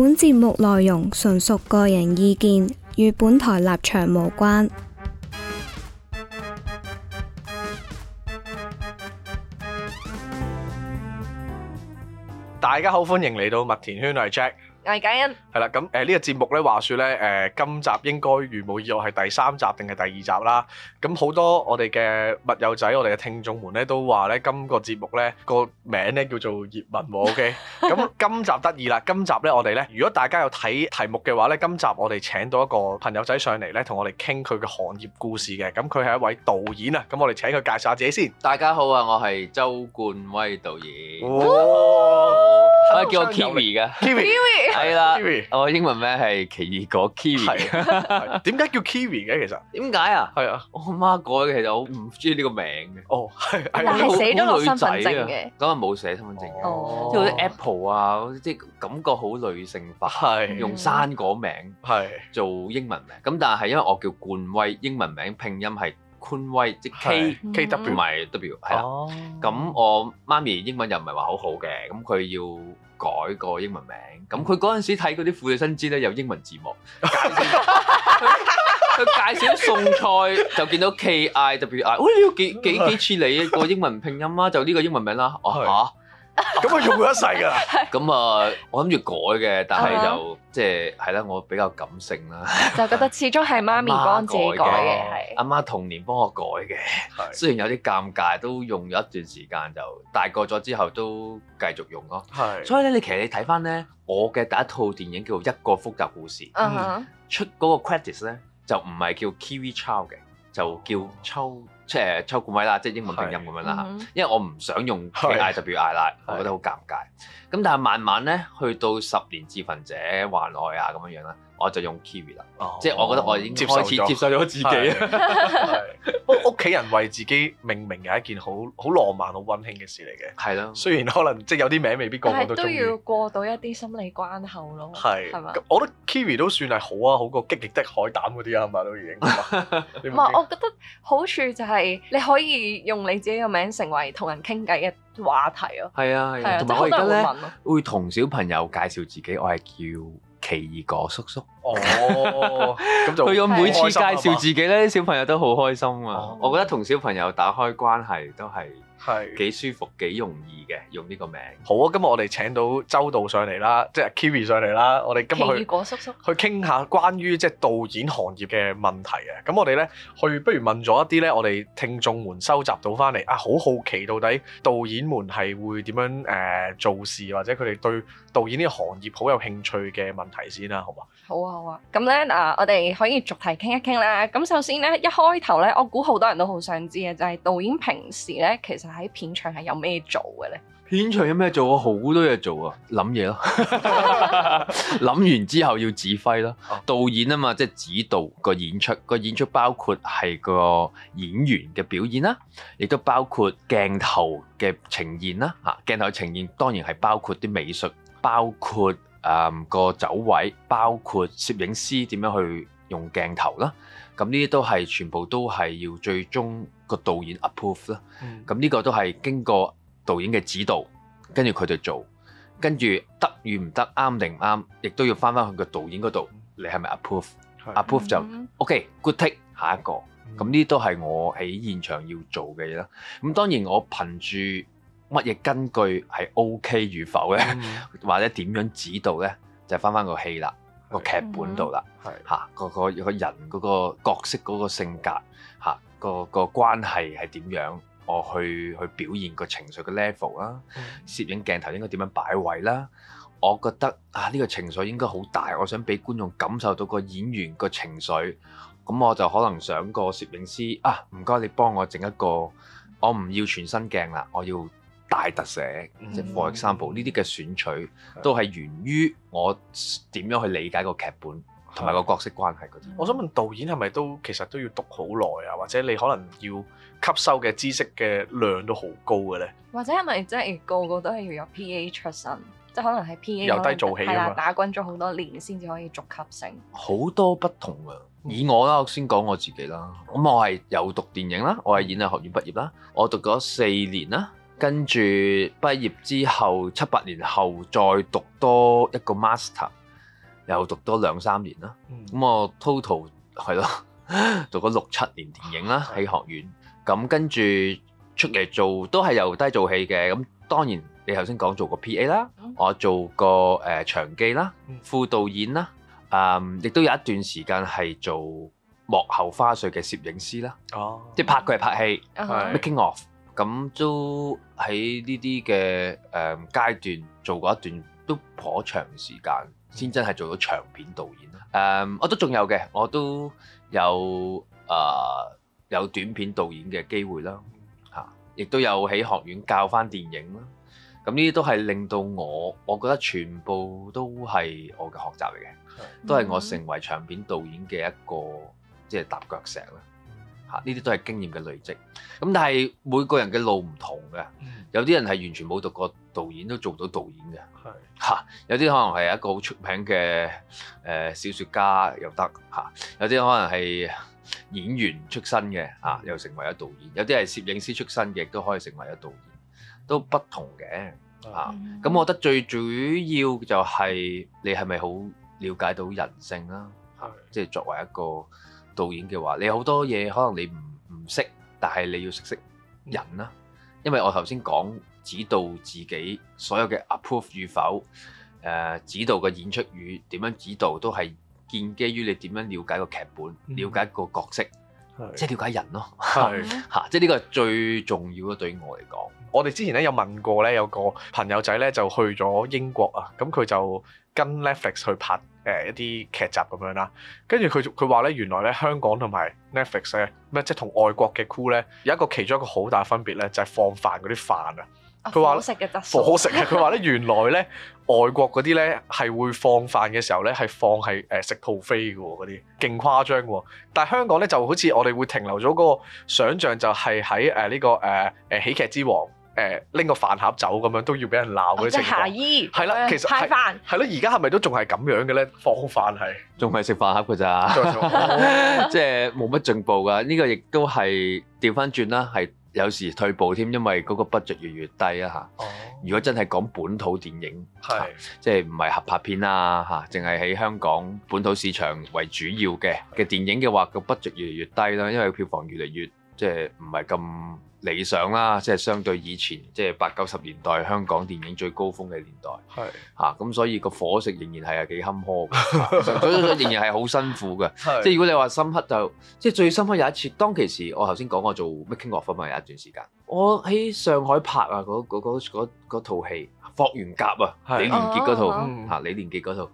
本節目內容純屬個人意見，與本台立場無關。大家好，歡迎嚟到麥田圈，我係 Jack。係解恩，係啦咁誒呢個節目咧，話說咧誒今集應該如無意外係第三集定係第二集啦。咁好多我哋嘅密友仔，我哋嘅聽眾們咧都話咧今個節目咧個名咧叫做業問。OK，咁今集得意啦，今集咧我哋咧如果大家有睇題目嘅話咧，今集我哋請到一個朋友仔上嚟咧，同我哋傾佢嘅行業故事嘅。咁佢係一位導演啊。咁我哋請佢介紹下自己先。大家好啊，我係周冠威導演。哦，係叫我 Kiwi 嘅。Kiwi。係啦，我英文名係奇異果 Kiwi，點解叫 Kiwi 嘅？其實點解啊？係啊，我媽改其實我唔中意呢個名嘅。哦，係係，但係寫咗女仔嘅，咁啊冇寫身份證。哦，用啲 Apple 啊，啲感覺好女性化，用生果名係做英文名。咁但係因為我叫冠威，英文名拼音係坤威，即係 K K W 唔係 W 係啊。咁我媽咪英文又唔係話好好嘅，咁佢要，改個英文名，咁佢嗰陣時睇嗰啲《婦女新知》咧有英文字幕，佢介紹餸菜就見到 K I W I，哇！幾幾幾似你一個英文拼音啦、啊，就呢個英文名啦，啊咁啊用咗一世噶，咁啊我諗住改嘅，但係就即係係啦，我比較感性啦，就覺得始終係媽咪幫自己改嘅，阿媽童年幫我改嘅，雖然有啲尷尬，都用咗一段時間，就大個咗之後都繼續用咯。係，所以咧你其實你睇翻咧，我嘅第一套電影叫做一個複雜故事，出嗰個 credits 咧就唔係叫 Kiwi Chow 嘅，就叫 Chow。即係抽鼓咪啦，即係英文拼音咁樣啦吓，因為我唔想用 I W I 啦，我覺得好尷尬。咁但係慢慢咧，去到十年自焚者患癌啊咁樣樣啦，我就用 Kiwi 啦、哦，即係我覺得我已經開始接受咗自己。屋 企人為自己命名係一件好好浪漫、好温馨嘅事嚟嘅。係咯，雖然可能即係有啲名未必個個都中意。過到一啲心理關口咯。係，係嘛？我覺得 Kiwi 都算係好啊，好過激極的海膽嗰啲啊嘛，都已經。唔 係，我覺得好處就係你可以用你自己嘅名成為同人傾偈嘅。話題係啊，同埋、啊啊啊、我而家咧會同、啊、小朋友介紹自己，我係叫奇異果叔叔哦。咁 佢每次介紹自己咧、啊，小朋友都好開心啊！哦、我覺得同小朋友打開關係都係。係幾舒服幾容易嘅用呢個名。好啊，今日我哋請到周導上嚟啦，即係 Kiwi 上嚟啦。我哋今日奇異果叔叔去傾下關於即係導演行業嘅問題啊。咁我哋呢，去，不如問咗一啲呢。我哋聽眾們收集到翻嚟啊，好好奇到底導演們係會點樣誒、呃、做事，或者佢哋對導演呢個行業好有興趣嘅問題先啦，好嘛？好啊好啊。咁呢，啊，我哋可以逐題傾一傾啦。咁首先呢，一開頭呢，我估好多人都好想知嘅就係、是、導演平時呢。其實。喺片場係有咩做嘅咧？片場有咩做啊？好多嘢做啊！諗嘢咯，諗完之後要指揮啦。Oh. 導演啊嘛，即係指導個演出。個演出包括係個演員嘅表演啦，亦都包括鏡頭嘅呈現啦。嚇，鏡頭呈現當然係包括啲美術，包括誒個走位，包括攝影師點樣去用鏡頭啦。咁呢啲都係全部都係要最終個導演 approve 啦。咁、嗯、呢個都係經過導演嘅指導，跟住佢哋做，跟住得與唔得，啱定唔啱，亦都要翻翻去個導演嗰度，你係咪 approve？approve 就、嗯、OK，good take，下一個。咁呢啲都係我喺現場要做嘅嘢啦。咁當然我憑住乜嘢根據係 OK 與否咧、嗯，或者點樣指導咧，就翻翻個戲啦。個劇本度啦，嚇、啊啊、個個人嗰個，個角色嗰個，個性格嚇、啊、個個關係係點樣？我去去表現個情緒嘅 level 啦、啊，攝影鏡頭應該點樣擺位啦、啊？我覺得啊，呢、這個情緒應該好大，我想俾觀眾感受到個演員個情緒，咁、嗯、我就可能想個攝影師啊，唔該你幫我整一個，我唔要全身鏡啦，我要。大特寫，即係 for example，呢啲嘅選取，都係源於我點樣去理解個劇本同埋個角色關係嗰啲。Mm -hmm. 我想問導演係咪都其實都要讀好耐啊？或者你可能要吸收嘅知識嘅量都好高嘅咧？或者係咪即係個個都係要有 P.A 出身，即係可能喺 P.A 由低做起啊嘛，打滾咗好多年先至可以逐級升。好多不同啊！以我啦，mm -hmm. 我先講我自己啦。咁我係有讀電影啦，我係演藝學院畢業啦，我讀咗四年啦。跟住畢業之後，七八年後再讀多一個 master，又讀多兩三年啦。咁我 total 係咯，讀咗六七年電影啦喺學院。咁跟住出嚟做都係由低做起嘅。咁當然你頭先講做過 PA 啦，我做過誒場記啦、副導演啦。嗯。亦都有一段時間係做幕後花絮嘅攝影師啦。哦。即係拍佢係拍戲 making of。咁、嗯、都喺呢啲嘅誒階段做過一段都頗長時間，先真係做到長片導演。誒、嗯，我都仲有嘅，我都有誒、呃、有短片導演嘅機會啦。亦、啊、都有喺學院教翻電影啦。咁呢啲都係令到我，我覺得全部都係我嘅學習嚟嘅，都係我成為長片導演嘅一個即係、就是、踏腳石啦。嚇！呢啲都係經驗嘅累積，咁但係每個人嘅路唔同嘅，有啲人係完全冇讀過導演都做到導演嘅，係嚇。有啲可能係一個好出名嘅誒小説家又得嚇，有啲可能係演員出身嘅嚇，又成為咗導演。有啲係攝影師出身嘅，亦都可以成為咗導演，都不同嘅嚇。咁我覺得最主要就係你係咪好了解到人性啦？係即係作為一個。導演嘅話，你好多嘢可能你唔唔識，但係你要識識人啦、啊。因為我頭先講指導自己所有嘅 approve 與否，誒、呃、指導嘅演出與點樣指導都係建基於你點樣了解個劇本、嗯、了解個角色，即係、就是、了解人咯、啊。係嚇，即係呢個係最重要嘅對我嚟講。我哋之前咧有問過咧，有個朋友仔咧就去咗英國啊，咁佢就跟 Netflix 去拍。誒一啲劇集咁樣啦，跟住佢佢話咧，原來咧香港同埋 Netflix 咧咩，即係同外國嘅 crew 咧有一個其中一個好大分別咧，就係、係、放飯嗰啲飯啊。佢、哦、話好食嘅特色，好食啊！佢話咧原來咧外國嗰啲咧係會放飯嘅時候咧係放係食套飛嘅喎，嗰啲勁誇張喎。但係香港咧就好似我哋會停留咗嗰個想像，就係喺呢個誒喜劇之王。誒拎個飯盒走咁樣都要俾人鬧嗰啲情況，係啦，其實係係咯，而家係咪都仲係咁樣嘅咧？放飯係仲係食飯盒㗎咋，即係冇乜進步㗎。呢個亦都係調翻轉啦，係有時退步添，因為嗰個 budget 越嚟越低啦嚇。哦，如果真係講本土電影，係即係唔係合拍片啊嚇，淨係喺香港本土市場為主要嘅嘅電影嘅話，個 budget 越嚟越低啦，因為票房越嚟越即係唔係咁理想啦，即係相對以前，即係八九十年代香港電影最高峰嘅年代係吓。咁、啊、所以個火食仍然係係幾坎坷， 所以仍然係好辛苦嘅。 即係如果你話深刻就即係最深刻有一次，當其時我頭先講我做 making of 嘛，有一段時間我喺上海拍啊，嗰嗰嗰嗰嗰套戲《霍元甲》啊，李連杰嗰套吓，李連杰嗰套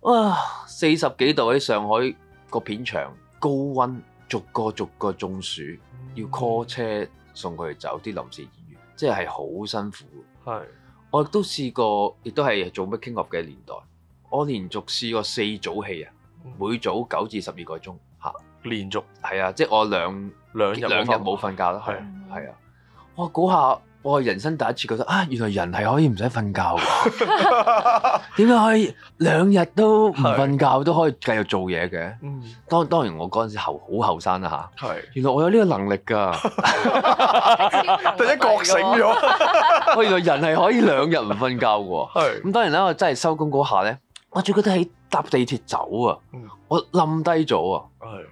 哇，四十幾度喺上海個片場高溫，逐個，逐個逐個中暑，mm -hmm. 要 call 車。送佢走，啲臨時演員，即係好辛苦。係，我亦都試過，亦都係做 Making Of 嘅年代。我連續試過四組戲啊，每組九至十二個鐘吓，連續係啊，即係我兩，兩日冇瞓覺啊，哇，係係啊，嗰下～我人生第一次覺得啊，原來人係可以唔使瞓覺嘅，點 解可以兩日都唔瞓覺都可以繼續做嘢嘅？嗯，當當然我嗰陣時後好後生啊。嚇，係原來我有呢個能力㗎，突然覺醒咗，我原來人係可以兩日唔瞓覺嘅喎，咁當然啦，我真係收工嗰下咧。我最記得係搭地鐵走啊、嗯，我冧低咗啊，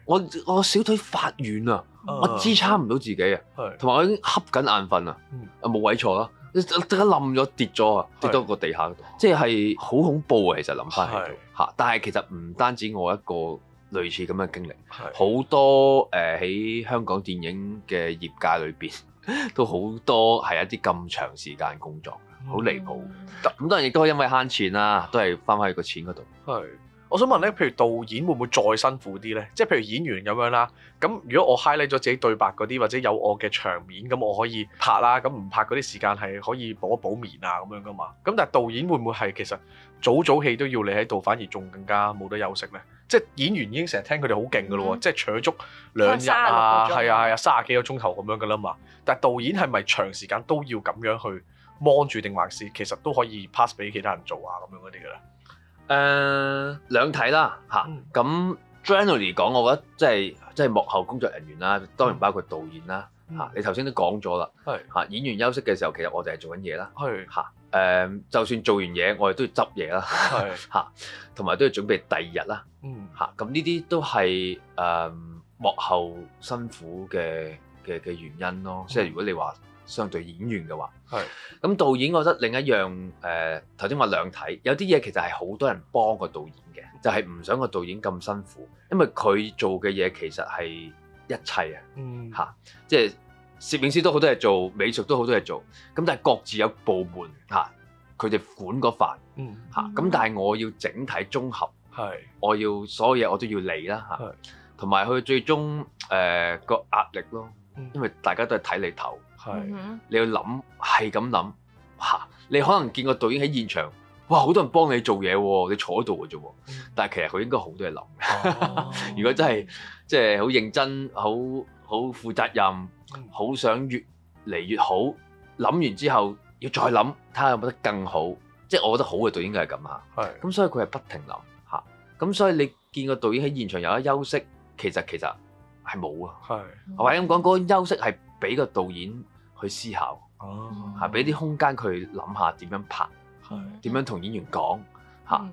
我我小腿發軟啊，我支撐唔到自己啊，同埋我已經瞌緊眼瞓啊，冇、嗯、位坐啦，即刻冧咗跌咗啊，跌到個地下度，即係好恐怖啊！其實諗翻起吓，但係其實唔單止我一個類似咁嘅經歷，好多誒喺、呃、香港電影嘅業界裏邊都好多係一啲咁長時間工作。好離譜，咁、嗯、多人亦都因為慳錢啦、啊，都係翻翻去個錢嗰度。係，我想問咧，譬如導演會唔會再辛苦啲咧？即係譬如演員咁樣啦，咁如果我 highlight 咗自己對白嗰啲或者有我嘅場面，咁我可以拍啦，咁唔拍嗰啲時間係可以補一補眠啊咁樣噶嘛。咁但係導演會唔會係其實早早戲都要你喺度，反而仲更加冇得休息咧？即係演員已經成日聽佢哋好勁噶咯喎，即係搶足兩日啊，係啊係啊，三十幾個鐘頭咁樣噶啦嘛。但係導演係咪長時間都要咁樣去？幫住定還是，還是其實都可以 pass 俾其他人做啊咁樣嗰啲噶啦。誒兩睇啦嚇，咁 generally 講，我覺得即係即係幕後工作人員啦，嗯、當然包括導演啦嚇、嗯啊。你頭先都講咗啦，係嚇、啊、演員休息嘅時候，其實我哋係做緊嘢啦，係嚇誒。就算做完嘢，我哋都要執嘢啦，係嚇，同埋都要準備第二日啦，嗯嚇。咁呢啲都係誒、呃、幕後辛苦嘅嘅嘅原因咯。嗯、即係如果你話，相對演員嘅話係咁，導演，我覺得另一樣誒頭先話兩睇有啲嘢其實係好多人幫個導演、就係、個導演嘅，就係唔想個導演咁辛苦，因為佢做嘅嘢其實係一切、嗯、啊嚇，即係攝影師都好多嘢做，美術都好多嘢做，咁但係各自有部門嚇佢哋管個範嚇咁，但係我要整體綜合係我要所有嘢我都要理啦嚇，同埋佢最終誒個、呃、壓力咯，因為大家都係睇你頭。係，你要諗，係咁諗吓。你可能見個導演喺現場，哇，好多人幫你做嘢喎，你坐喺度嘅啫。但係其實佢應該好多嘢諗。哦、 如果真係即係好認真、好好負責任、好、嗯、想越嚟越好，諗完之後要再諗，睇下有冇得更好。即係我覺得好嘅導演應該係咁啊。咁所以佢係不停諗吓。咁、啊、所以你見個導演喺現場有一休息，其實其實係冇啊。或者咁講，嗰、嗰個、休息係。俾個導演去思考，吓，俾啲空間佢諗下點樣拍，點樣同演員講，吓、嗯、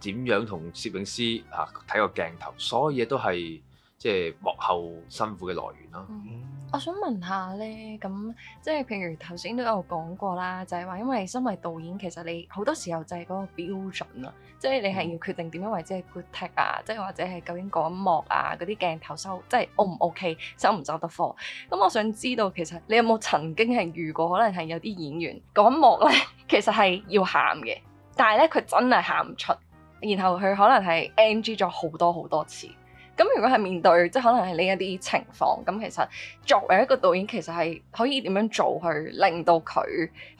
點樣同攝影師吓睇個鏡頭，所有嘢都係。即、就、係、是、幕後辛苦嘅來源咯、嗯。我想問下呢，咁即係譬如頭先都有講過啦，就係、是、話因為身為導演，其實你好多時候就係嗰個標準啦。即、就、係、是、你係要決定點樣為之係 good 啊，即係或者係究竟嗰一幕啊嗰啲鏡頭收，即係 O 唔 OK，收唔收得貨。咁我想知道，其實你有冇曾經係遇過可能係有啲演員嗰一幕呢？其實係要喊嘅，但係呢，佢真係喊唔出，然後佢可能係 NG 咗好多好多次。咁如果係面對即係可能係呢一啲情況，咁其實作為一個導演，其實係可以點樣做去令到佢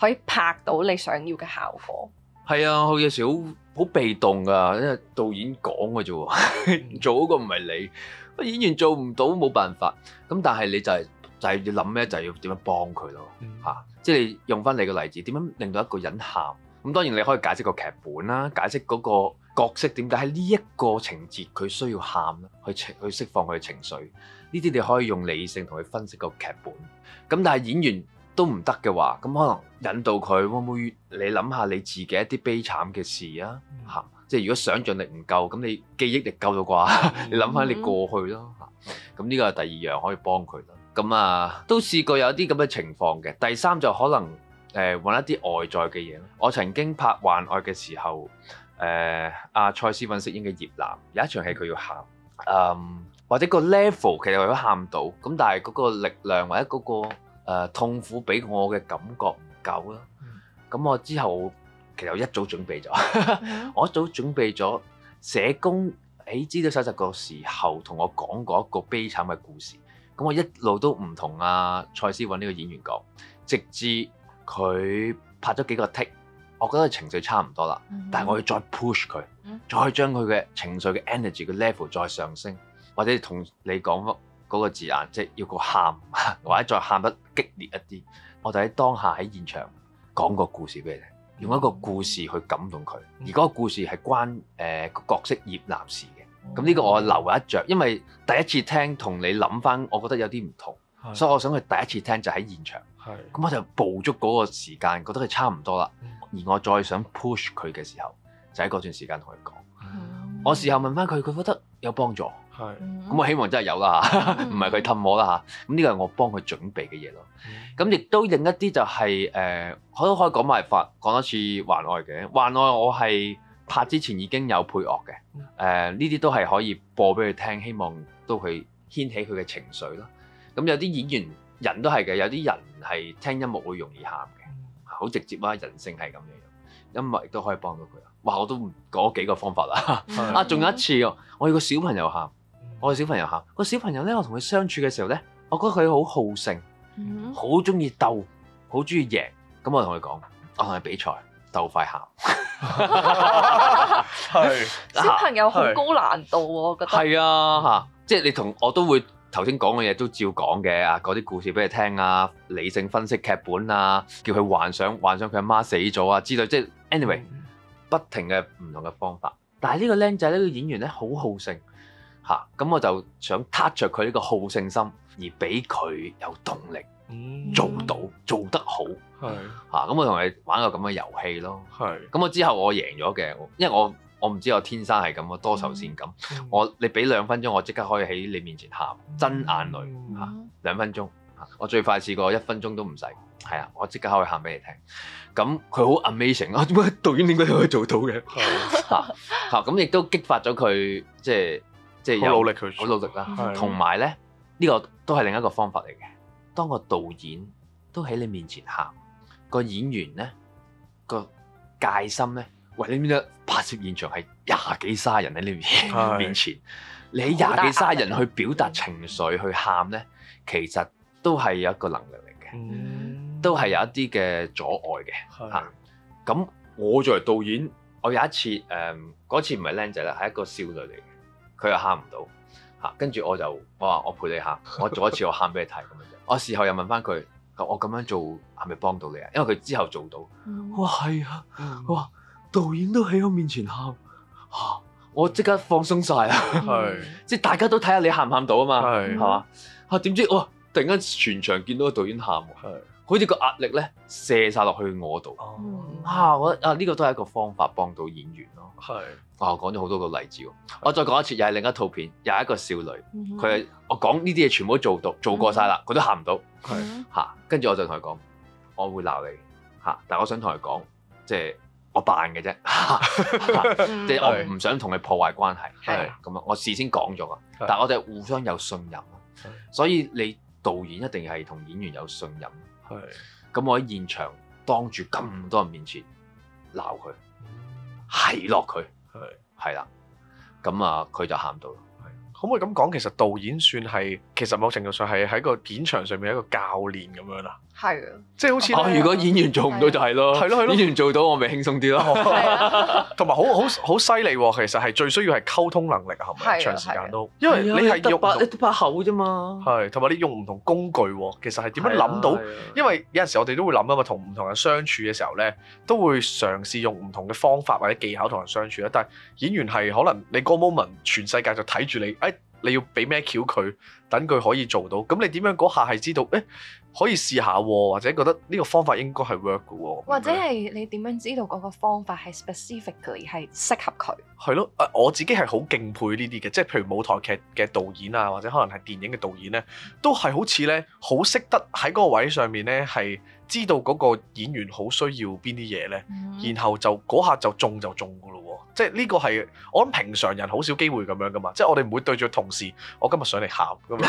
可以拍到你想要嘅效果？係啊，佢有時好好被動㗎，因為導演講嘅啫，嗯、 做嗰個唔係你，演員做唔到冇辦法。咁但係你就係就係要諗咩，就係、係、要點樣幫佢咯、嗯啊、即係你用翻你個例子，點樣令到一個人喊？咁當然你可以解釋個劇本啦，解釋嗰個角色點解喺呢一個情節佢需要喊去去釋放佢嘅情緒。呢啲你可以用理性同佢分析個劇本。咁但係演員都唔得嘅話，咁可能引導佢會唔會？你諗下你自己一啲悲慘嘅事啊、嗯，即係如果想像力唔夠，咁你記憶力夠到啩？嗯、 你諗翻你過去咯。咁、這、呢個係第二樣可以幫佢啦。咁啊，都試過有啲咁嘅情況嘅。第三就可能。誒、呃、搵一啲外在嘅嘢，我曾經拍《幻愛》嘅時候，誒、呃、阿、啊、蔡思韻飾演嘅葉嵐有一場戲佢要喊，誒、嗯嗯、或者個 level 其實我都喊唔到，咁但係嗰個力量或者嗰、那個、呃、痛苦俾我嘅感覺唔夠啦。咁、嗯、我之後其實一早準備咗，我一早準備咗 社工喺資料蒐集個時候同我講過一個悲慘嘅故事，咁我一路都唔同阿蔡思韻呢個演員講，直至。佢拍咗幾個 take 我覺得情緒差唔多啦，mm -hmm. 但我要再 push 佢，mm -hmm. 再將佢嘅情緒嘅 energy 嘅 level 再上升，或者同你講嗰個字眼，即係要佢喊，或者再喊得激烈一啲，我就喺當下喺現場講個故事俾你聽，用一個故事去感動佢，而嗰個故事係關個、呃、角色葉男士嘅，咁、mm、呢 -hmm. 個我留一着，因為第一次聽同你諗翻，我覺得有啲唔同。所以我想佢第一次聽就喺現場，咁我就捕捉嗰個時間，覺得佢差唔多啦。嗯、而我再想 push 佢嘅時候，就喺嗰段時間同佢講。嗯、我事後問翻佢，佢覺得有幫助，咁、嗯、我希望真係有啦嚇，唔係佢氹我啦嚇。咁、嗯、呢個係我幫佢準備嘅嘢咯。咁、嗯、亦都另外一啲就係、是、誒、呃，我都可以講埋《法》，講多次《幻愛》嘅《幻愛》，我係拍之前已經有配樂嘅，誒呢啲都係可以播俾佢聽，希望都去掀起佢嘅情緒啦。咁有啲演員人都係嘅，有啲人係聽音樂會容易喊嘅，好直接啦、啊，人性係咁樣樣。音樂亦都可以幫到佢啊！哇，我都講咗幾個方法啦。啊，仲有一次我有個小朋友喊，我個小朋友喊，個小朋友呢，我同佢相處嘅時候呢，我覺得佢好好勝，好中意鬥，好中意贏。咁我同佢講，我同佢比賽鬥快喊。 小朋友好高難度喎、啊，我覺得。係啊，嚇！即係你同我都會。頭先講嘅嘢都照講嘅啊，嗰啲故事俾你聽啊，理性分析劇本啊，叫佢幻想幻想佢阿媽死咗啊，之類即係、就是、anyway，、嗯、不停嘅唔同嘅方法。但係呢個僆仔呢個演員呢好好勝吓，咁、啊、我就想 touch 著佢呢個好勝心而俾佢有動力、嗯、做到做得好係吓，咁、啊、我同你玩個咁嘅遊戲咯。係咁我之後我贏咗嘅，因為我。我唔知我天生係咁我多愁善感。Mm -hmm. 我你俾兩分鐘，我即刻可以喺你面前喊，mm -hmm. 真眼淚嚇、嗯嗯、兩分鐘。我最快試過一分鐘都唔使，係啊，我即刻可以喊俾你聽。咁佢好 amazing 咯、啊，導演點解可以做到嘅？嚇咁亦都激發咗佢，即係即係努力佢、啊，好努力啦、啊。同埋呢，呢、呢個都係另一個方法嚟嘅。當個導演都喺你面前喊，個演員呢，個戒心呢。喂，你知唔知拍攝現場係廿幾沙人喺你面，面前，你廿幾沙人去表達情緒去喊呢、嗯，其實都係有一個能力嚟嘅、嗯，都係有一啲嘅阻礙嘅嚇。咁、啊、我作為導演，我有一次誒嗰、嗯、次唔係靚仔啦，係一個少女嚟嘅，佢又喊唔到嚇，跟、啊、住我就我話我陪你喊，我做一次我喊俾你睇，咁樣我事後又問翻佢，我咁樣做係咪幫到你啊？因為佢之後做到，哇係啊，我、嗯導演都喺我面前喊嚇、啊，我即刻放鬆晒、嗯 嗯。啊！即係大家都睇下你喊唔喊到啊嘛，係嘛嚇？點知哇，突然間全場見到個導演喊喎，好似個壓力咧射晒落去我度、嗯、啊！我啊呢、呢個都係一個方法幫到演員咯，係啊，我講咗好多個例子喎。我再講一次，又係另一套片，又係一個少女，佢、嗯、係我講呢啲嘢全部都做到做過晒啦，佢都喊唔到，係嚇。跟住、啊、我就同佢講，我會鬧你嚇、啊，但係我想同佢講，即、就、係、係。我扮嘅啫，即 係我唔想同你破壞關係，係咁啊！我事先講咗啊，但係我哋互相有信任，啊。所以你導演一定係同演員有信任，係咁我喺現場當住咁多人面前鬧佢，係落佢，係係啦，咁啊佢就喊到啦，係可唔可以咁講？其實導演算係，其實某程度上係喺個片場上面一個教練咁樣啦。係啊，即係好似如果演員做唔到就係咯，係咯演員做到我咪輕鬆啲咯，同埋好好好犀利喎，其實係最需要係溝通能力係咪？長時間都，因為你係用把口啫嘛，係同埋你用唔同工具喎，其實係點樣諗到？因為有陣時我哋都會諗啊嘛，同唔同人相處嘅時候咧，都會嘗試用唔同嘅方法或者技巧同人相處，但係演員係可能你個 moment 全世界就睇住你，誒、哎、你要俾咩橋佢？等佢可以做到，咁你點樣嗰下係知道？誒、欸，可以試下喎、啊，或者覺得呢個方法應該係 work 嘅喎、啊。或者係你點樣知道嗰個方法係 specifically 係適合佢？係咯，誒，我自己係好敬佩呢啲嘅，即係譬如舞台劇嘅導演啊，或者可能係電影嘅導演咧、啊，嗯、都係好似咧，好識得喺嗰個位上面咧係知道嗰個演員好需要邊啲嘢咧，嗯、然後就嗰下就中就中㗎咯喎，即係呢個係我諗平常人好少機會咁樣㗎嘛，即係我哋唔會對住同事，我今日上嚟喊㗎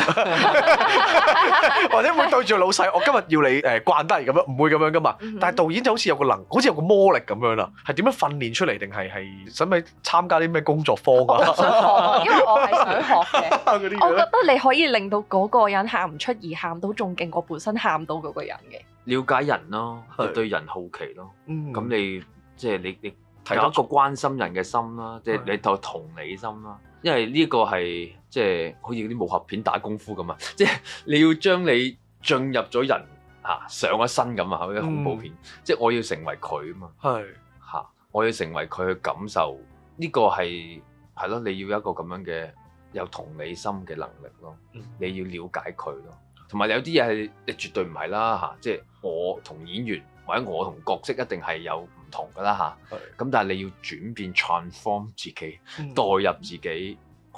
或者會對住老細，我今日要你誒慣得嚟咁樣，唔會咁樣噶嘛。但係導演就好似有個能，好似有個魔力咁樣啦。係點樣訓練出嚟，定係係使唔使參加啲咩工作坊啊？因為我係想學嘅，我覺得你可以令到嗰個人喊唔出而喊到，仲勁過本身喊到嗰個人嘅。瞭解人咯，對人好奇咯。咁你即係你你有一個關心人嘅心啦，即係你同同理心啦。因為呢個係即係好似啲武俠片打功夫咁啊，即係你要將你進入咗人嚇上咗身咁啊，恐怖片，嗯、即係我要成為佢啊嘛，係嚇、啊，我要成為佢嘅感受，呢、呢個係係咯，你要有一個咁樣嘅有同理心嘅能力咯、嗯，你要了解佢咯，同埋有啲嘢係你絕對唔係啦嚇、啊，即係我同演員或者我同角色一定係有。唔同㗎啦吓，咁但係你要轉變 transform 自己，代入自己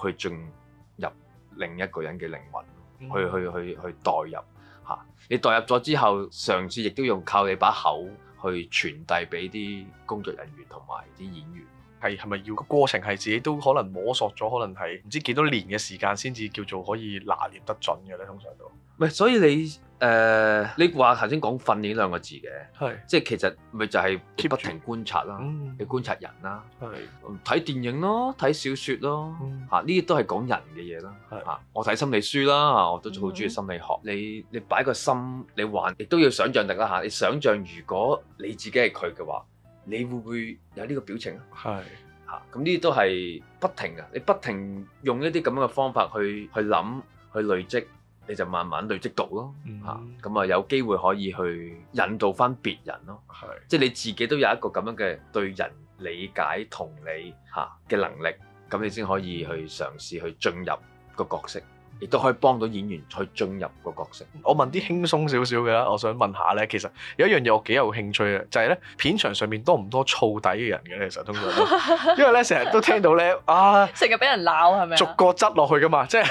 去進入另一個人嘅靈魂，嗯、去去去去代入吓，你代入咗之後，嘗試亦都用靠你把口去傳遞俾啲工作人員同埋啲演員。係係咪要、個過程係自己都可能摸索咗，可能係唔知幾多年嘅時間先至叫做可以拿捏得準嘅咧？通常都唔係，所以你誒、呃、你話頭先講訓練兩個字嘅，係即係其實咪就係 keep 住不停觀察啦，你觀察人啦，係、嗯、睇電影咯，睇小説咯，嚇呢啲都係講人嘅嘢啦，嚇我睇心理書啦，嚇我都好中意心理學，嗯嗯你你擺個心，你還亦都要想像力啦嚇，你想像如果你自己係佢嘅話。你會唔會有呢個表情啊？係吓，咁呢啲都係不停嘅，你不停用一啲咁樣嘅方法去去諗，去累積，你就慢慢累積到囉吓，咁啊有機會可以去引導返別人囉，係，即係你自己都有一個咁樣嘅對人理解同你吓嘅能力，咁你先可以去嘗試去進入個角色。亦都可以幫到演員去進入個角色。我問啲輕鬆少少嘅啦，我想問下咧，其實有一樣嘢我幾有興趣嘅，就係咧片場上面多唔多燥底嘅人嘅？其實通常，因為咧成日都聽到咧啊，成日俾人鬧係咪逐個執落去噶嘛，即係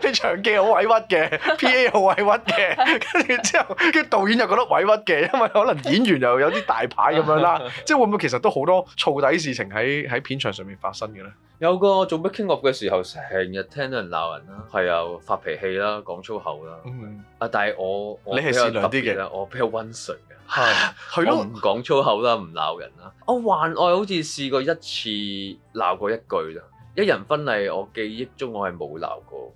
啲 場記好委屈嘅，P. A. 好委屈嘅，跟住之後跟住導演又覺得委屈嘅，因為可能演員又有啲大牌咁樣啦，即係會唔會其實都好多燥底事情喺喺片場上面發生嘅咧？有個做 making of，嘅時候，成日聽到人鬧人啦，係啊，發脾氣啦，講粗口啦。啊、嗯嗯，但係我，我你係善良啲嘅，我比較温順嘅，係係咯，唔講粗口啦，唔鬧人啦。我還愛好似試過一次鬧過一句咋，一人婚禮我記憶中我係冇鬧過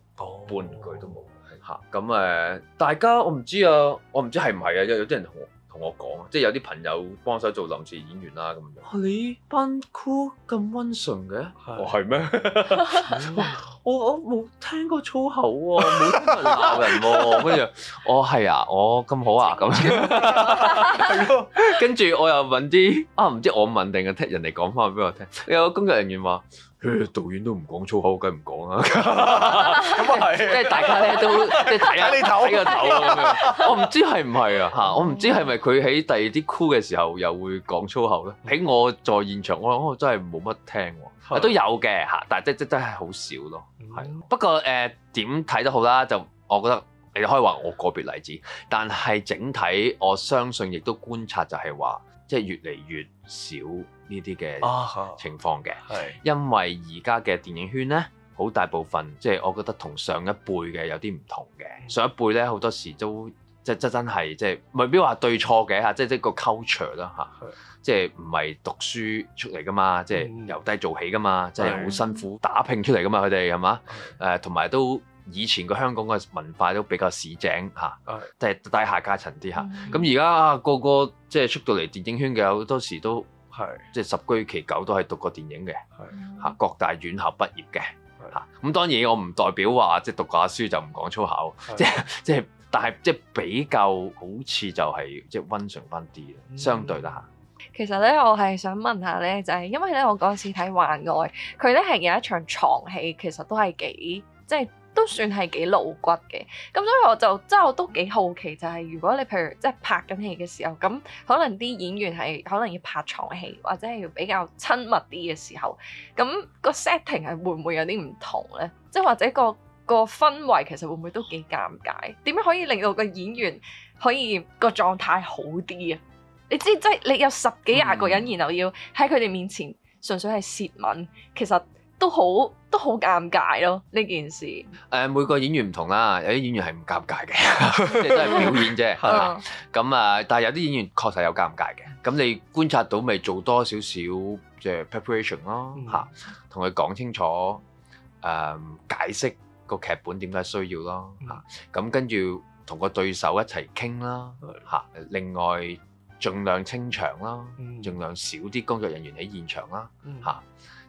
半句都冇嚇。咁、哦、誒，大家我唔知啊，我唔知係唔係啊，有有啲人同我。我講，即係有啲朋友幫手做臨時演員啦，咁、啊。你班 cool 咁温順嘅，哦係咩、 哦？我我冇聽過粗口喎、啊，冇聽過人鬧人喎，跟 住，哦係啊，哦咁好啊，咁。跟住我又問啲，啊唔知道我問定嘅定係聽人哋講翻俾我聽，有個工作人員話。誒導演都唔講粗口，我梗唔講啦。咁啊係，即係大家咧都 即係睇下呢頭，睇個頭。我唔知係唔係啊？嚇，我唔知係咪佢喺第二啲 cool 嘅時候又會講粗口咧？喺、嗯、我在我現場，我我真係冇乜聽喎、啊嗯。都有嘅嚇，但係即即真係好少咯。係、嗯、不過誒點睇都好啦，就我覺得你可以話我個別例子，但係整體我相信亦都觀察就係話。即係越嚟越少呢啲嘅情況嘅，係、oh, right. 因為而家嘅電影圈呢，好大部分即係、就是、我覺得同上一輩嘅有啲唔同嘅。Mm -hmm. 上一輩呢，好多時都即即真係即係，未必話對錯嘅嚇，即係即個 culture 啦嚇，即係唔係讀書出嚟噶嘛，mm -hmm. 即係由低做起噶嘛，mm -hmm. 即係好辛苦打拼出嚟噶嘛，佢哋係嘛？誒，同埋、mm -hmm. 呃、都。以前個香港嘅文化都比較市井嚇，即係低下階層啲嚇。咁而家個個即係出到嚟電影圈嘅好多時都係即係十居其九都係讀過電影嘅嚇，各大院校畢業嘅嚇。咁當然我唔代表話即係讀過書就唔講粗口，即即係但係即係比較好似就係即係溫順翻啲相對啦嚇。其實咧，我係想問下咧，就係因為咧，我嗰次睇《幻愛》，佢咧係有一場床戲，其實都係幾即係。算係幾露骨嘅，咁所以我就即係我都幾好奇，就係如果你譬如即係拍緊戲嘅時候，咁可能啲演員係可能要拍床戲，或者係要比較親密啲嘅時候，咁個 setting 係會唔會有啲唔同呢？即係或者個個氛圍其實會唔會都幾尷尬？點樣可以令到個演員可以個狀態好啲啊？你知即係、就是、你有十幾廿個人，然後要喺佢哋面前純粹係舌吻，其實。都好，都好尷尬咯！呢件事，誒、呃、每個演員唔同啦，有啲演員係唔尷尬嘅，即 係都係表演啫，咁 啊，但係有啲演員確實有尷尬嘅，咁你觀察到咪做多少少即係 preparation 咯，嚇、嗯，同佢講清楚，誒、嗯、解釋個劇本點解需要咯，嚇、嗯。咁跟住同個對手一齊傾啦，嚇、嗯。另外，儘量清場啦，儘、嗯、量少啲工作人員喺現場啦，嚇、嗯。啊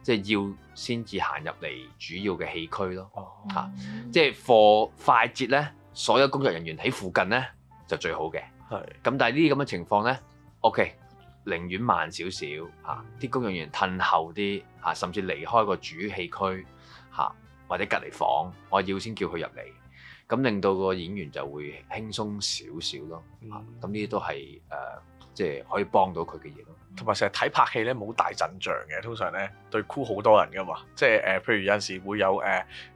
即係要先至行入嚟主要嘅戲區咯，嚇、oh. 啊！即係貨快捷咧，所有工作人員喺附近咧就最好嘅。係咁，但係呢啲咁嘅情況咧，OK，寧願慢少少嚇，啲、啊 mm. 工作人員褪後啲嚇、啊，甚至離開個主戲區嚇、啊，或者隔離房，我要先叫佢入嚟，咁令到個演員就會輕鬆少少咯。咁呢啲都係誒。Uh, 即、就、係、是、可以幫到佢嘅嘢咯，同埋成日睇拍戲咧冇大陣仗嘅，通常咧對酷好多人噶嘛，即係誒譬如有陣時會有誒誒、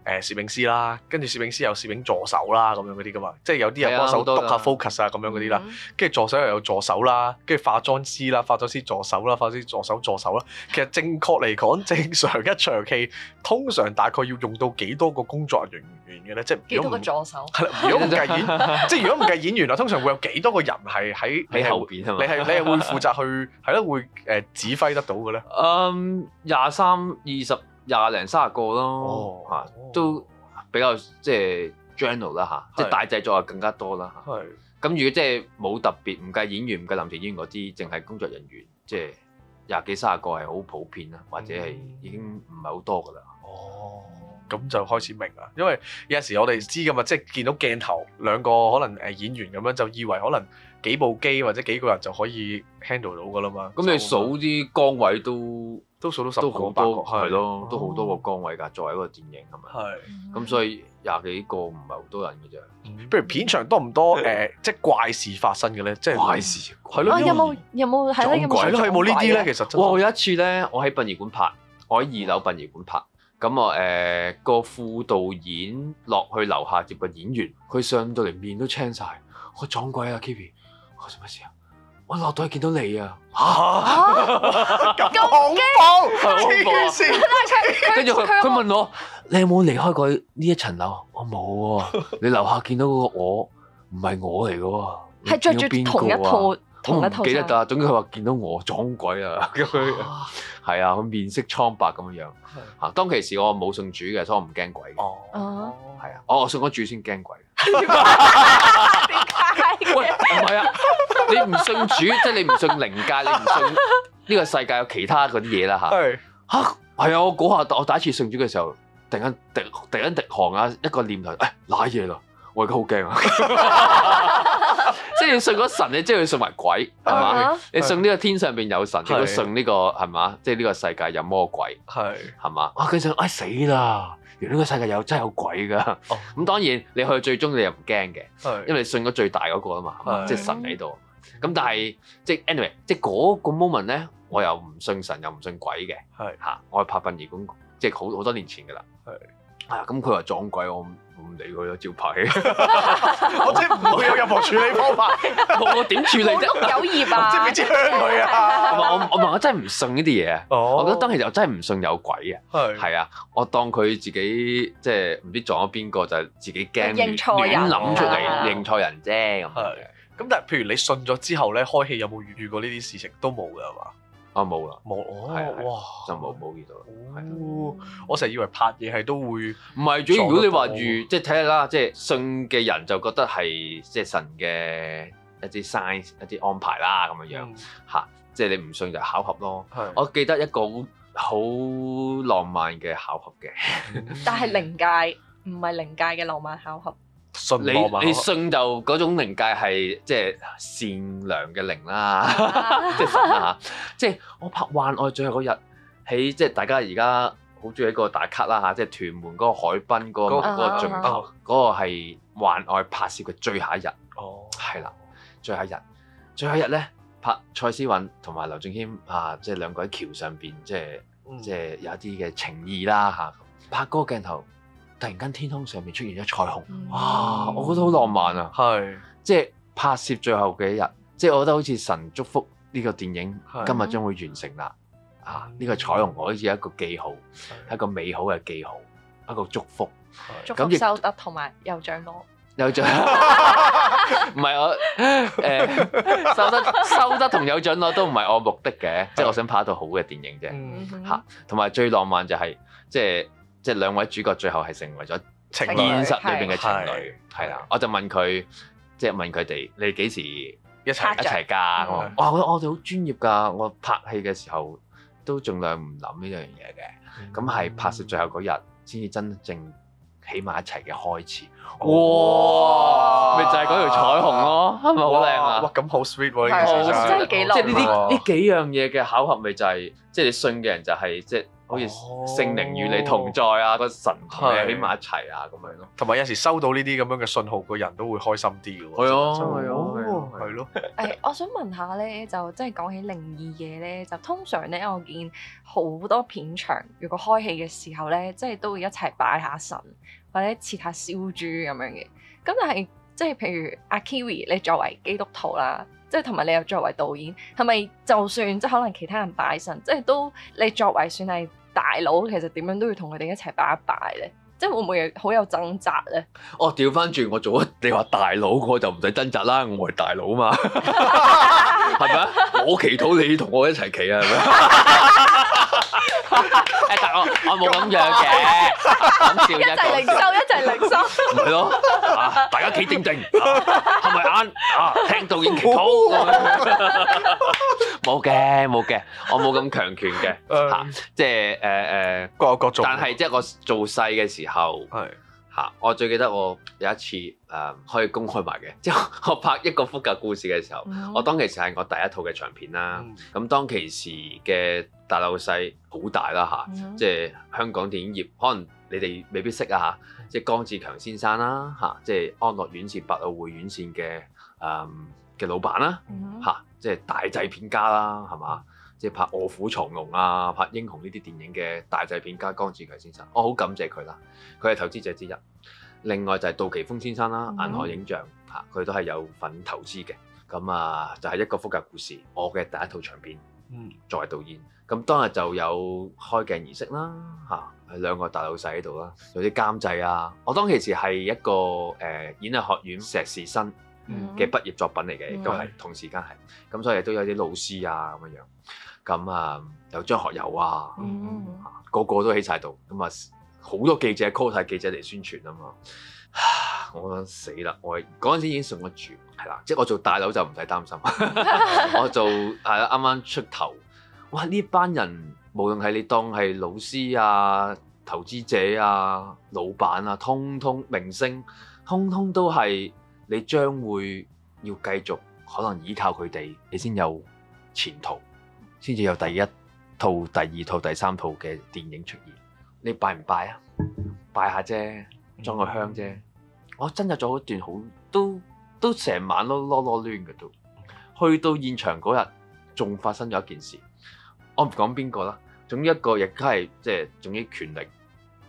呃、攝影師啦，跟住攝影師有攝影助手啦咁樣嗰啲噶嘛，即係有啲人幫手篤下 focus 啊咁樣嗰啲啦，跟、嗯、住助手又有助手啦，跟住化妝師啦，化妝師,師助手啦，化妝師助手助手啦，其實正確嚟講， 正常一場戲通常大概要用到幾多個工作人員嘅咧？即係幾多個助手？係 如果唔計演， 即係如果唔計演員啦，通常會有幾多個人係喺喺後邊係咪？係你係會負責去係咯， 會誒指揮得到嘅咧。嗯、um,，廿三二十廿零卅個咯，嚇都比較即係 general 啦嚇，即係、oh. 大製作就更加多啦。係咁，如果即係冇特別，唔計演員，唔計臨時演員嗰啲，淨係工作人員，即係廿幾卅個係好普遍啦，或者係已經唔係好多㗎啦。哦，咁就開始明啦，因為有時我哋知㗎嘛，即、就、係、是、見到鏡頭兩個可能誒演員咁樣，就以為可能。幾部機或者幾個人就可以 handle 到㗎啦嘛？咁你數啲崗位都都數到十好百，係咯，哦、都好多個崗位作為一個電影咁啊！係咁，所以廿幾個唔係好多人㗎啫。不、嗯、如片場多唔多？誒、嗯呃，即係怪事發生嘅咧，即係怪事係咯、啊。有冇有冇係咯？有冇、啊、呢啲咧、啊？其實、哦、我有一次咧，我喺殯儀館拍，我喺二樓殯儀館拍，咁啊誒個副導演落去樓下接個演員，佢上到嚟面都青晒。我撞鬼啊！Kiki。KB 我生咩事啊？我落袋見到你啊！吓，咁驚！黐，跟住佢問我： 你有冇離開過呢一層樓？我冇啊！你樓下見到嗰個我，唔係我嚟噶喎。係着住同一套同一套。啊、同一套我記得啊！總之佢話見到我撞鬼啊！佢係啊！佢 面、啊、色蒼白咁樣樣。嚇！當其時我冇信主嘅，所以我唔驚鬼。哦、啊，係啊！我信我主我先驚鬼。點解唔係啊！ 你唔信主，即、就、係、是、你唔信靈界， 你唔信呢個世界有其他嗰啲嘢啦吓？嚇 係啊！哎、我估下我第一次信主嘅時候，突然間滴突然間滴汗啊！迪迪一個念頭，哎，瀨嘢啦？我而家好驚啊！ 即係你信咗神，你即係要信埋鬼係嘛、uh -huh.？你信呢個天上邊有神， 你都信呢、這個係嘛？即係呢個世界有魔鬼係係嘛？啊！佢想哎死啦！原來呢個世界有真係有鬼㗎。咁、oh. 當然你去到最終你又唔驚嘅，因為你信咗最大嗰個啊嘛，即 係、就是、神喺度。 咁、嗯、但係即係 anyway，即係嗰個 moment 咧，我又唔信神又唔信鬼嘅，係嚇、啊，我係拍殯儀館，即係好好多年前噶啦，係啊，咁佢話撞鬼，我唔理佢啦，照拍戲 我即係唔會有任何處理方法、啊， 我點處理啫？有業啊，知唔佢啊？唔我，唔我真係唔信呢啲嘢，我覺得當其時我真係唔信有鬼嘅，係啊，我當佢自己即係唔知撞咗邊個就自己驚亂諗出嚟，認錯人啫咁。咁但係，譬如你信咗之後咧，開戲有冇遇過呢啲事情？都冇噶係嘛？啊冇啦，冇哦，哇，就冇冇遇到。我成日以為拍嘢係都會唔係主要如果你話遇，即係睇下啦，即係信嘅人就覺得係即係神嘅一啲 size、一啲安排啦咁樣樣吓、嗯。即係你唔信就巧合咯。我記得一個好浪漫嘅巧合嘅、嗯， 但係靈界唔係靈界嘅浪漫巧合。信我你，你信就嗰種靈界係即、就是、善良嘅靈啦，即、啊、即、 就是、我拍《幻愛》最後嗰日喺即大家而家好中意一個打卡啦即、就是、屯門嗰個海濱嗰、那個嗰、那個嗰、那個係《幻、啊那個、愛》拍攝嘅最後一日。哦，係啦，最後一日，最後一日咧，拍蔡思韻同埋劉俊謙啊，即、就是、兩個喺橋上面，即、就、即、是嗯就是、有一啲嘅情意啦拍嗰個鏡頭。突然間天空上面出現咗彩虹，哇！我覺得好浪漫啊，係即係拍攝最後嘅一日，即係我覺得好似神祝福呢個電影今日將會完成啦。啊，呢、這個彩虹我好似一個記號，一個美好嘅記號，一個祝福。咁收得同埋有獎攞，有獎。唔 係 我誒、呃、收得收得同有獎攞都唔係我目的嘅，即係我想拍一套好嘅電影啫。嚇、嗯，同、啊、埋最浪漫就係、是、即係。即、就、係、是、兩位主角最後係成為咗現實裏邊嘅情侶，係啦，我就問佢，即係問佢哋，你幾時一齊一齊㗎、嗯哦？我話我我哋好專業㗎，我拍戲嘅時候都盡量唔諗呢樣嘢嘅，咁、嗯、係拍攝最後嗰日先至真正起埋一齊嘅開始，哇！咪就係嗰條彩虹咯，咪好靚啊！哇，咁好 sweet 喎、啊哦！真係幾耐，即係呢啲呢幾樣嘢嘅巧合、就係，咪就係即係你信嘅人、就係，就係即係好似聖靈與你同在啊，哦嗰個神團起埋一齊啊咁樣咯。同埋有，有時收到呢啲咁樣嘅信號，個人都會開心啲嘅喎。係啊，係啊，係咯、啊。誒、啊啊啊啊啊哎，我想問下咧，就即係講起靈異嘢咧，就通常咧，我見好多片場，如果開戲嘅時候咧，即係都會一齊拜下神。或者切下燒豬咁樣嘅，咁但係即係譬如阿 Kiwi，你作為基督徒啦，即係同埋你又作為導演，係咪就算即係可能其他人拜神，即係都你作為算係大佬，其實點樣都要同佢哋一齊拜一拜咧？即係會唔會好有掙扎咧？哦，調翻轉我做，你話大佬，我就唔使掙扎啦，我係大佬嘛，係 咪 我祈禱，你同我一齊企啊！ 我冇咁樣嘅，一笑一齊零收，一齊零收，唔係咯，啊，大家企定定，係咪啱？啊，聽到已經好。冇嘅，冇嘅，我冇咁強權嘅，嚇，即係誒誒，各有各做。但係即係我做細嘅時候，係。嚇！我最記得我有一次誒、嗯、可以公開埋嘅，即係我，我拍一個複雜故事嘅時候，mm -hmm. 我當其時係我第一套嘅長片啦。咁、mm -hmm. 當其時嘅大老細好大啦嚇，啊 mm -hmm. 即係香港電影業可能你哋未必識啊嚇，即係江志強先生啦嚇、啊，即係安樂院線、百老匯院線嘅誒嘅老闆啦嚇、mm -hmm. 啊，即係大製片家啦，係嘛？即係拍《卧虎藏龍》啊，拍英雄呢啲電影嘅大製片家江志強先生，我好感謝佢啦，佢係投資者之一。另外就係杜琪峰先生啦、啊，銀、mm、河 -hmm. 影像嚇，佢、啊、都係有份投資嘅。咁啊，就係、是、一個複雜故事，我嘅第一套長片。Mm -hmm. 作為導演，咁當日就有開鏡儀式啦嚇、啊，兩個大老細喺度啦，有啲監製啊。我當其時係一個誒、呃、演藝學院碩士生嘅畢業作品嚟嘅，亦都係同時間係，咁所以都有啲老師啊咁樣樣。咁啊，有張學友啊，嗯嗯個個都喺晒度，咁啊好多記者 call 曬記者嚟宣傳啊嘛，我諗死啦！我嗰陣時已經信得住，係啦，即係我做大佬就唔使擔心， 我做係啦，啱啱出頭哇！呢班人無論係你當係老師啊、投資者啊、老闆啊，通通明星，通通都係你將會要繼續可能依靠佢哋，你先有前途。先至有第一套、第二套、第三套嘅電影出現。你拜唔拜啊？拜下啫，裝個香啫、嗯。我真係咗一段好都都成晚都囉囉攣嘅都。去到現場嗰日，仲發生咗一件事。我唔講邊個啦，總之一個亦都係即係總之權力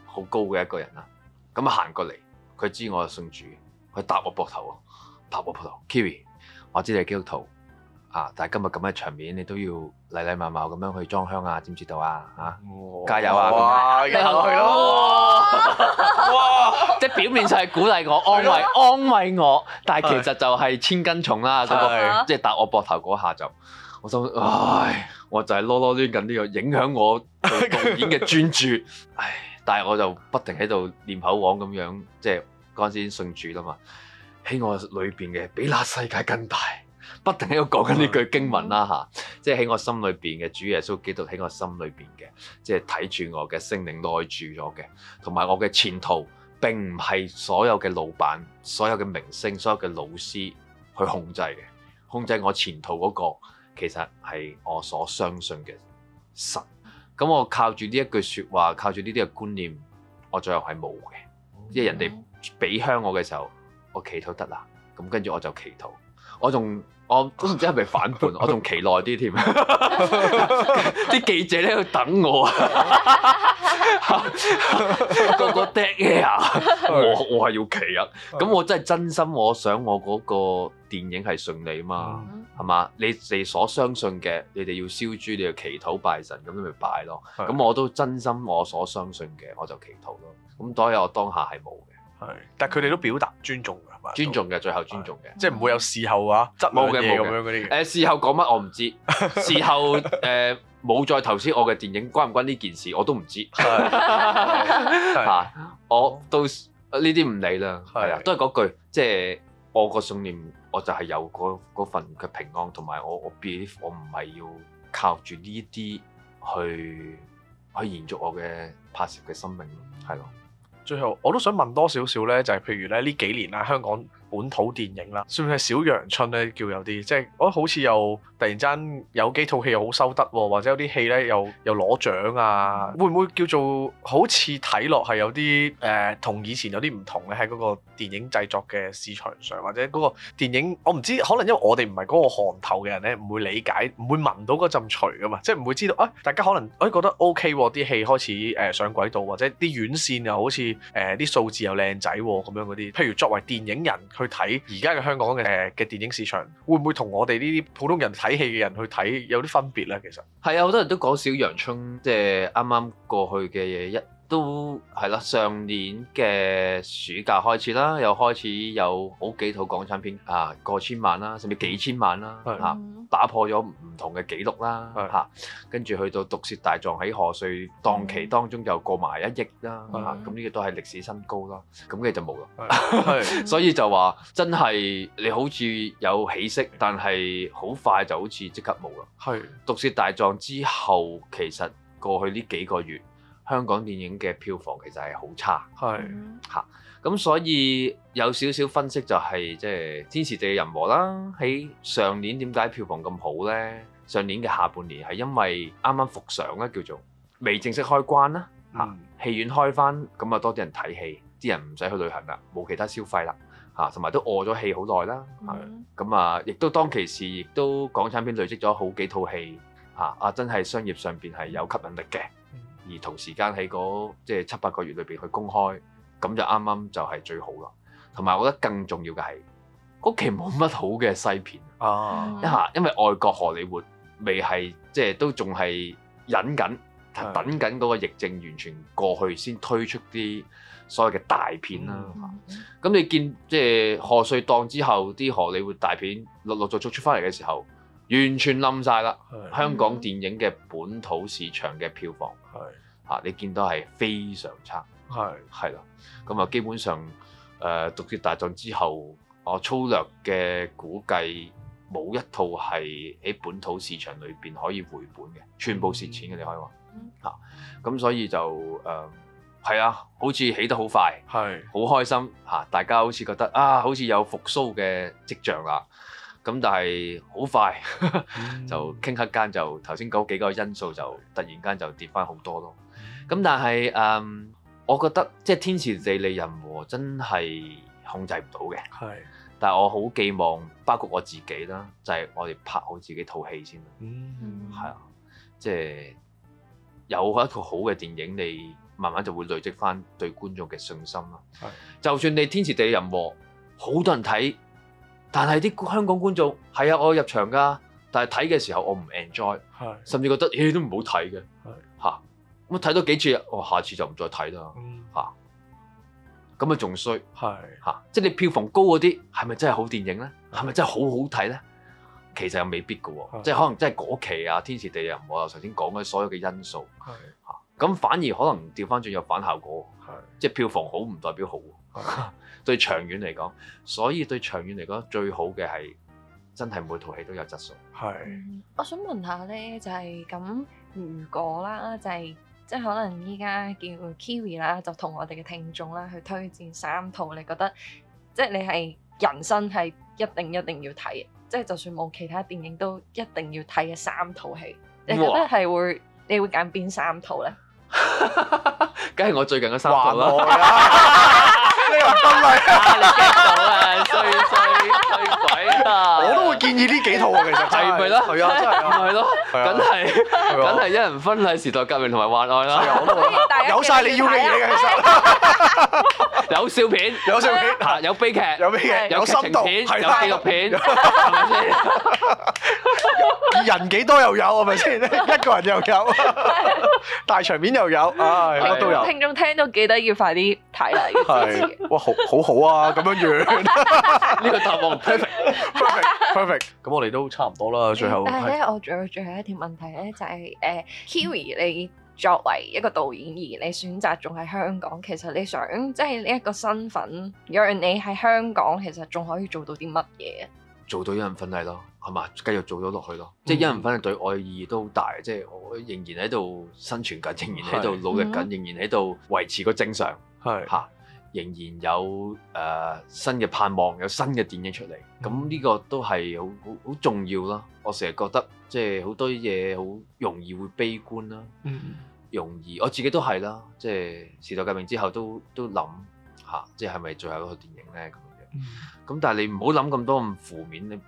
好高嘅一個人啦。咁啊行過嚟，佢知我係信主，佢搭我膊頭啊，拍我膊頭。Kiwi，我知你係基督徒。啊、但係今日咁嘅場面，你都要禮禮貌貌咁樣去裝香啊？知唔知道啊？嚇、哦！加油啊！加油去咯！哇！哇哇 即係表面上係鼓勵我、安慰、安慰我，但係其實就係千斤重啦。係、那個、即係搭我膊頭嗰下就，我心唉，我就係囉囉攣緊呢個影響我導演嘅專注。 唉，但係我就不停喺度唸口簧咁樣，即係剛先信主啦嘛。喺我裏邊嘅比那世界更大。不停喺度講緊呢句經文啦吓，即係喺我心裏邊嘅主耶穌基督喺我心裏邊嘅，即係睇住我嘅聖靈內住咗嘅，同埋我嘅前途並唔係所有嘅老闆、所有嘅明星、所有嘅老師去控制嘅，控制我前途嗰、嗰個其實係我所相信嘅神。咁我靠住呢一句說話，靠住呢啲嘅觀念，我最後係冇嘅，即、okay。係人哋俾向我嘅時候，我祈禱得啦，咁跟住我就祈禱。我仲我都唔知係咪反叛。我仲企耐啲添，啲記者咧喺度等我啊，個個 dead air，我我係要企啊，咁我真係真心我想我嗰個電影係順利啊嘛，係、嗯、嘛？你哋所相信嘅，你哋要燒豬，你要祈禱拜神，咁你咪拜咯。咁我都真心我所相信嘅，我就祈禱咯。咁所以我當下係冇嘅。係，但係佢哋都表達尊重尊重嘅，最後尊重嘅、嗯，即係唔會有事後啊，執冇嘅嘢咁樣啲。誒事後講乜我唔知，事後誒冇、 呃、再頭先我嘅電影關唔關呢件事我都唔知。係啊，我都呢啲唔理啦。係 啊，都係嗰句，即係我個信念，我就係有嗰份嘅平安，同埋我我別我唔係要靠住呢啲去去延續我嘅拍攝嘅生命咯，係咯、啊。最後我都想問多少少呢？就係、是、譬如呢呢幾年啊香港，本土電影啦，算唔算係小陽春咧？叫有啲，即係我覺得好似又突然間有幾套戲又好收得，或者有啲戲咧又又攞獎啊？會唔會叫做好似睇落係有啲誒同以前有啲唔同咧？喺嗰個電影製作嘅市場上，或者嗰個電影，我唔知可能因為我哋唔係嗰個行頭嘅人咧，唔會理解，唔會聞到嗰陣馴㗎嘛，即係唔會知道啊、呃！大家可能、呃、覺得 O K 喎，啲戲開始誒、呃、上軌道，或者啲院線又好似誒啲數字又靚仔咁樣嗰啲。譬如作為電影人。去睇而家嘅香港嘅誒嘅電影市場，會唔會同我哋呢啲普通人睇戲嘅人去睇有啲分別咧？其實，係啊，好多人都講小陽春，即係啱啱過去嘅嘢一。都係啦，上年嘅暑假開始啦，又開始有好幾套港產片啊，過千萬啦，甚至幾千萬啦，打破咗唔同嘅記錄啦，跟住去到《毒舌大狀》喺賀歲檔期當中就過埋一億啦，咁呢個都係歷史新高啦。咁嘅就冇啦， 所以就話真係你好似有起色，但係好快就好似即刻冇啦。係《毒舌大狀》之後，其實過去呢幾個月。香港電影嘅票房其實係好差，係嚇，咁、啊、所以有少少分析就係即係《就是、天時地利人和》啦。喺上年點解票房咁好呢？上年嘅下半年係因為啱啱復常啊，叫做未正式開關啦，嚇、嗯啊、戲院開返，咁啊多啲人睇戲，啲人唔使去旅行啦，冇其他消費啦，嚇，同埋都餓咗戲好耐啦，係咁啊，亦、啊啊、都當其時亦都港產片累積咗好幾套戲，嚇啊，啊，真係商業上邊係有吸引力嘅。而同時間喺嗰即係七八個月裏面去公開，咁就啱啱就係最好噶。同埋我覺得更重要嘅係，嗰期冇乜好嘅西片、啊、因為外國荷里活未係即係都仲係忍緊等緊嗰個疫症完全過去先推出啲所謂嘅大片啦。咁、嗯嗯、你見即係賀歲檔之後啲荷里活大片陸陸續續出翻嚟嘅時候。完全冧晒啦！香港電影嘅本土市場嘅票房，係啊，你見到係非常差，係係啦。咁啊，就基本上誒《毒、呃、舌大狀》之後，我粗略嘅估計，冇一套係喺本土市場裏邊可以回本嘅，全部蝕錢嘅，你可以話。嗯。咁、啊、所以就誒係啊，好似起得好快，係好開心嚇、啊，大家好似覺得啊，好似有復甦嘅跡象啦。咁但係好快 就傾刻間就頭先嗰幾個因素就突然間就跌翻好多咯。咁、mm -hmm. 但係嗯，um, 我覺得即係、就是、天時地利人和真係控制唔到嘅。係、mm -hmm.，但我好寄望包括我自己啦，就係、是、我哋拍好自己套戲先啦。嗯、mm -hmm.，啊，即、就、係、是、有一個好嘅電影，你慢慢就會累積翻對觀眾嘅信心啦。Mm -hmm. 就算你天時地利人和，好多人睇。但係啲香港觀眾係啊，我入場㗎，但係睇嘅時候我唔 enjoy，甚至覺得誒、欸、都唔好睇嘅，嚇咁睇多幾次我、哦、下次就唔再睇啦，嚇、嗯、咁啊仲衰，嚇、啊、即係你票房高嗰啲係咪真係好電影咧？係咪真係好好睇咧？其實又未必嘅喎、啊，即係可能真係嗰期啊天時地利人和，頭先講嘅所有嘅因素嚇，咁、啊、反而可能調翻轉有反效果，即係票房好唔代表好、啊。 對長遠嚟講，所以對長遠嚟講最好嘅係真係每套戲都有質素。係、嗯，我想問一下呢，就係、係、咁，如果啦，就係、係、即係可能依家叫 Kiri 啦，就同我哋嘅聽眾啦去推薦三套你覺得即係你係人生係一定一定要睇，即係就算冇其他電影都一定要睇嘅三套戲，你覺得係會你會揀邊三套呢？梗 係我最近嘅三套啦。 真係啊！你激到啊，衰衰衰鬼啊！我都會建議呢幾套啊，其實係咪咧？係啊，真係咪咯？梗係梗係，一人婚禮時代革命同埋幻愛啦！我都覺得有曬你要嘅嘢嘅，其實有笑片，有笑片，有悲劇，有悲劇，有深度，係啦，紀錄片係咪先？人幾多又有係咪先？一個人又有大場面又有啊，乜都有聽眾聽到記得要快啲睇啦，要支持。好好好啊，咁樣樣，呢 個 答案 perfect，perfect，perfect Perfect,。咁 我哋都差唔多啦，最後。誒，但係咧，我最最後一條問題咧，就係誒，Kiwi，你作為一個導演，而你選擇仲喺香港，其實你想即係呢一個身份，讓你喺香港，其實仲可以做到啲乜嘢？做到一人份例咯，係嘛？繼續做咗落去咯，嗯、即係一人份例對我嘅意義都好大。即、就、係、是、我仍然喺度生存緊，仍然喺度努力緊、嗯，仍然喺度維持個正常，係嚇。仍然有誒、呃、新嘅盼望，有新嘅電影出嚟，咁、mm、呢 -hmm. 個都係好好重要咯。我成日覺得即係好多嘢好容易會悲觀啦，mm -hmm. 容易我自己都係啦。即、就、係、是、時代革命之後都都諗吓，即係係咪最後一套電影呢？咁樣？咁、mm -hmm. 但係你唔好諗咁多咁負面。你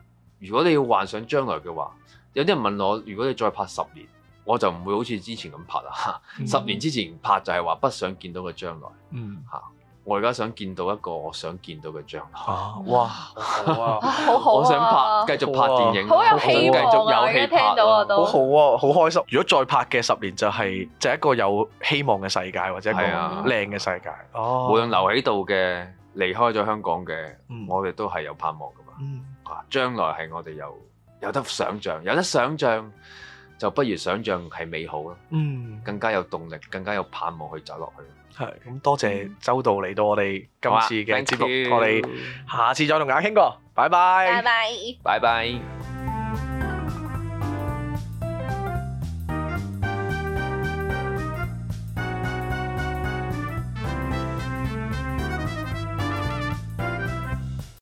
如果你要幻想將來嘅話，有啲人問我，如果你再拍十年，我就唔會好似之前咁拍啦。Mm -hmm. 十年之前拍就係話不想見到嘅將來嚇。Mm -hmm. 啊我而家想見到一個我想見到嘅將來、啊、哇，好好啊， 好好、啊、我想拍，繼續拍電影好、啊、好有希望啊！而家聽到我都好好啊，好開心。如果再拍嘅十年，就係就係一個有希望嘅世界，或者一個靚嘅世界。哦、啊，無論留喺度嘅、離開咗香港嘅、嗯，我哋都係有盼望㗎嘛。啊、嗯，將來係我哋有有得想象，有得想象就不如想象係美好咯。嗯，更加有動力，更加有盼望去走落去。係咁，多謝周導嚟到我哋今次嘅節目，啊、我哋下次再同大家傾過，拜拜，拜拜，拜拜。